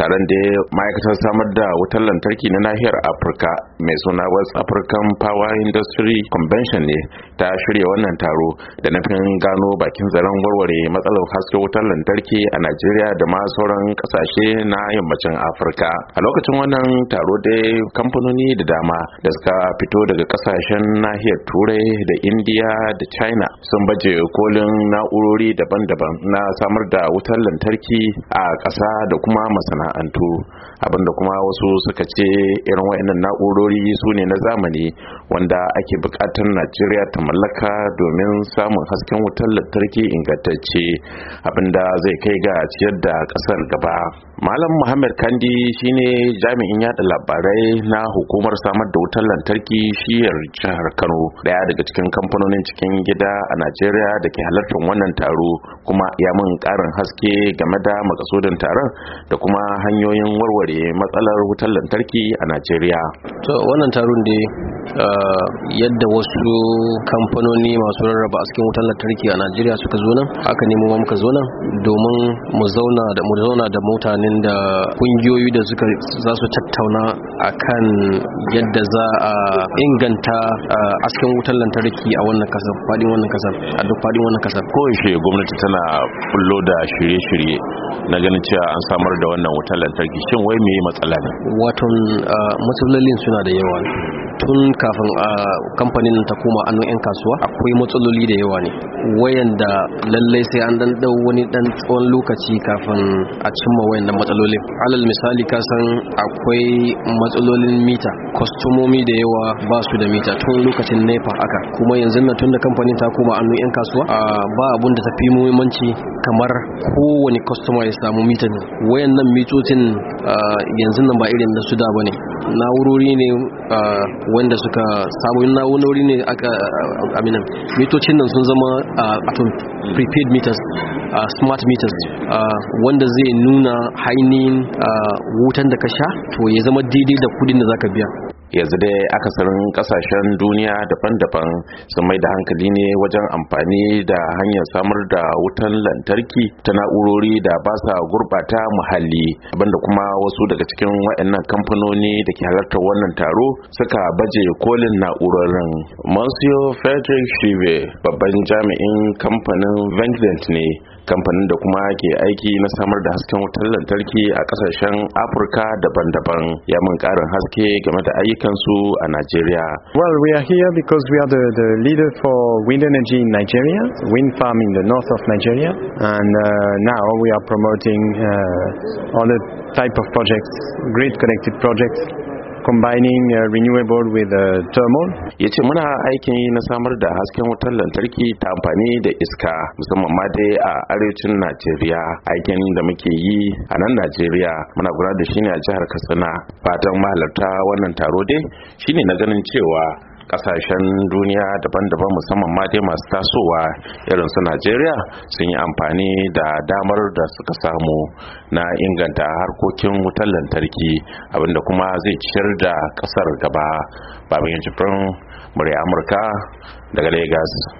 taron da ma'aikatar samar da wutar lantarki na nahiyar afirka mai suna west african power industry convention ne ta shirya wannan taro da nufin gano bakin zaren warware matsalar haske wutar lantarki a najeriya da ma sauran kasashe na yammacin afirka a lokacin wannan taro dai kamfanoni da dama da suka fito daga kasashen nahiyar turai da indiya da china sun baje kolin na'urori daban-daban na samar da wutar lantarki a ƙasa da kuma masana to. abinda kuma wasu suka ce irin wayannan na'urori su ne na zamani wanda ake bukatar najeriya ta mallaka domin samun hasken wutar lantarki ingantacce abinda zai kai ga ciyar da kasar gaba malam muhammad kandi shine jami'in yada labarai na hukumar samar da wutar lantarki shiyar jihar kano daya daga cikin kamfanonin cikin gida a najeriya da ke halartar wannan taro kuma ya mun karin haske game da makasudin taron da kuma hanyoyin warware warware matsalar wutar lantarki a Najeriya. To wannan taron dai Ah, yadda wasu kamfanoni masu rarraba askin wutar lantarki a najeriya suka zo nan aka nemo ma muka zo nan domin mu zauna da mu zauna da mutanen da kungiyoyi da suka za su tattauna kan yadda za a inganta ah, askin wutar lantarki a wannan kasar fadin wannan kasar a duk fadin wannan kasar Ko shi gwamnati tana bullo da shirye-shirye na ganin cewa an samar da wannan wutar lantarki shin wai me matsala ne wato ah, matsalolin suna da yawa tun kafin a kamfanin ta koma annon 'yan kasuwa akwai matsaloli da yawa ne wayanda lallai sai an dan dau wani dan tsawon lokaci kafin a cimma wayannan matsalolin alal misali ka san akwai matsalolin mita kwastomomi da yawa ba su da mita tun lokacin nepa aka kuma yanzu na tun da kamfanin ta koma annon 'yan kasuwa ba abun da ta fi muhimmanci kamar kowane customer ya samu mita ne wayan nan mitocin ah, yanzu nan ba irin na su da ba ne na'urori ne ah, wanda suka samu sabon na'urori ne aka aminan ah, mitocin nan sun zama a prepaid meters smart meters wanda zai nuna hainihin wutan da ka sha to ya zama daidai da kudin da zaka biya yanzu dai akasarin kasashen duniya daban-daban sun mai da hankali ne wajen amfani da hanyar samar da wutan lantarki ta na'urori da ba sa gurbata muhalli abinda kuma wasu daga cikin waɗannan kamfanoni da ke halartar wannan taro suka baje kolin na'urorin monsieur frederick shive babban jami'in kamfanin vengdent ne kamfanin da kuma ke aiki na samar da hasken wutar lantarki a kasashen afirka daban-daban ya mun ƙarin haske game da ayyuka Council and Nigeria? Well, we are here because we are the, the leader for wind energy in Nigeria, wind farm in the north of Nigeria, and uh, now we are promoting uh, other type of projects, grid connected projects combining uh, renewable with uh, thermal ya ce muna aikin na samar da hasken wutar lantarki ta amfani da iska musamman ma dai a arewacin najeriya aikin da muke yi a nan najeriya muna gudanar da shi ne a jihar katsina fatan mahalarta wannan taro dai shine na ganin cewa kasashen duniya daban-daban musamman ma dai masu tasowa irin su najeriya sun yi amfani da damar da suka samu na inganta harkokin wutar lantarki abinda kuma zai ciyar da kasar gaba babin jifin murya amurka daga Legas.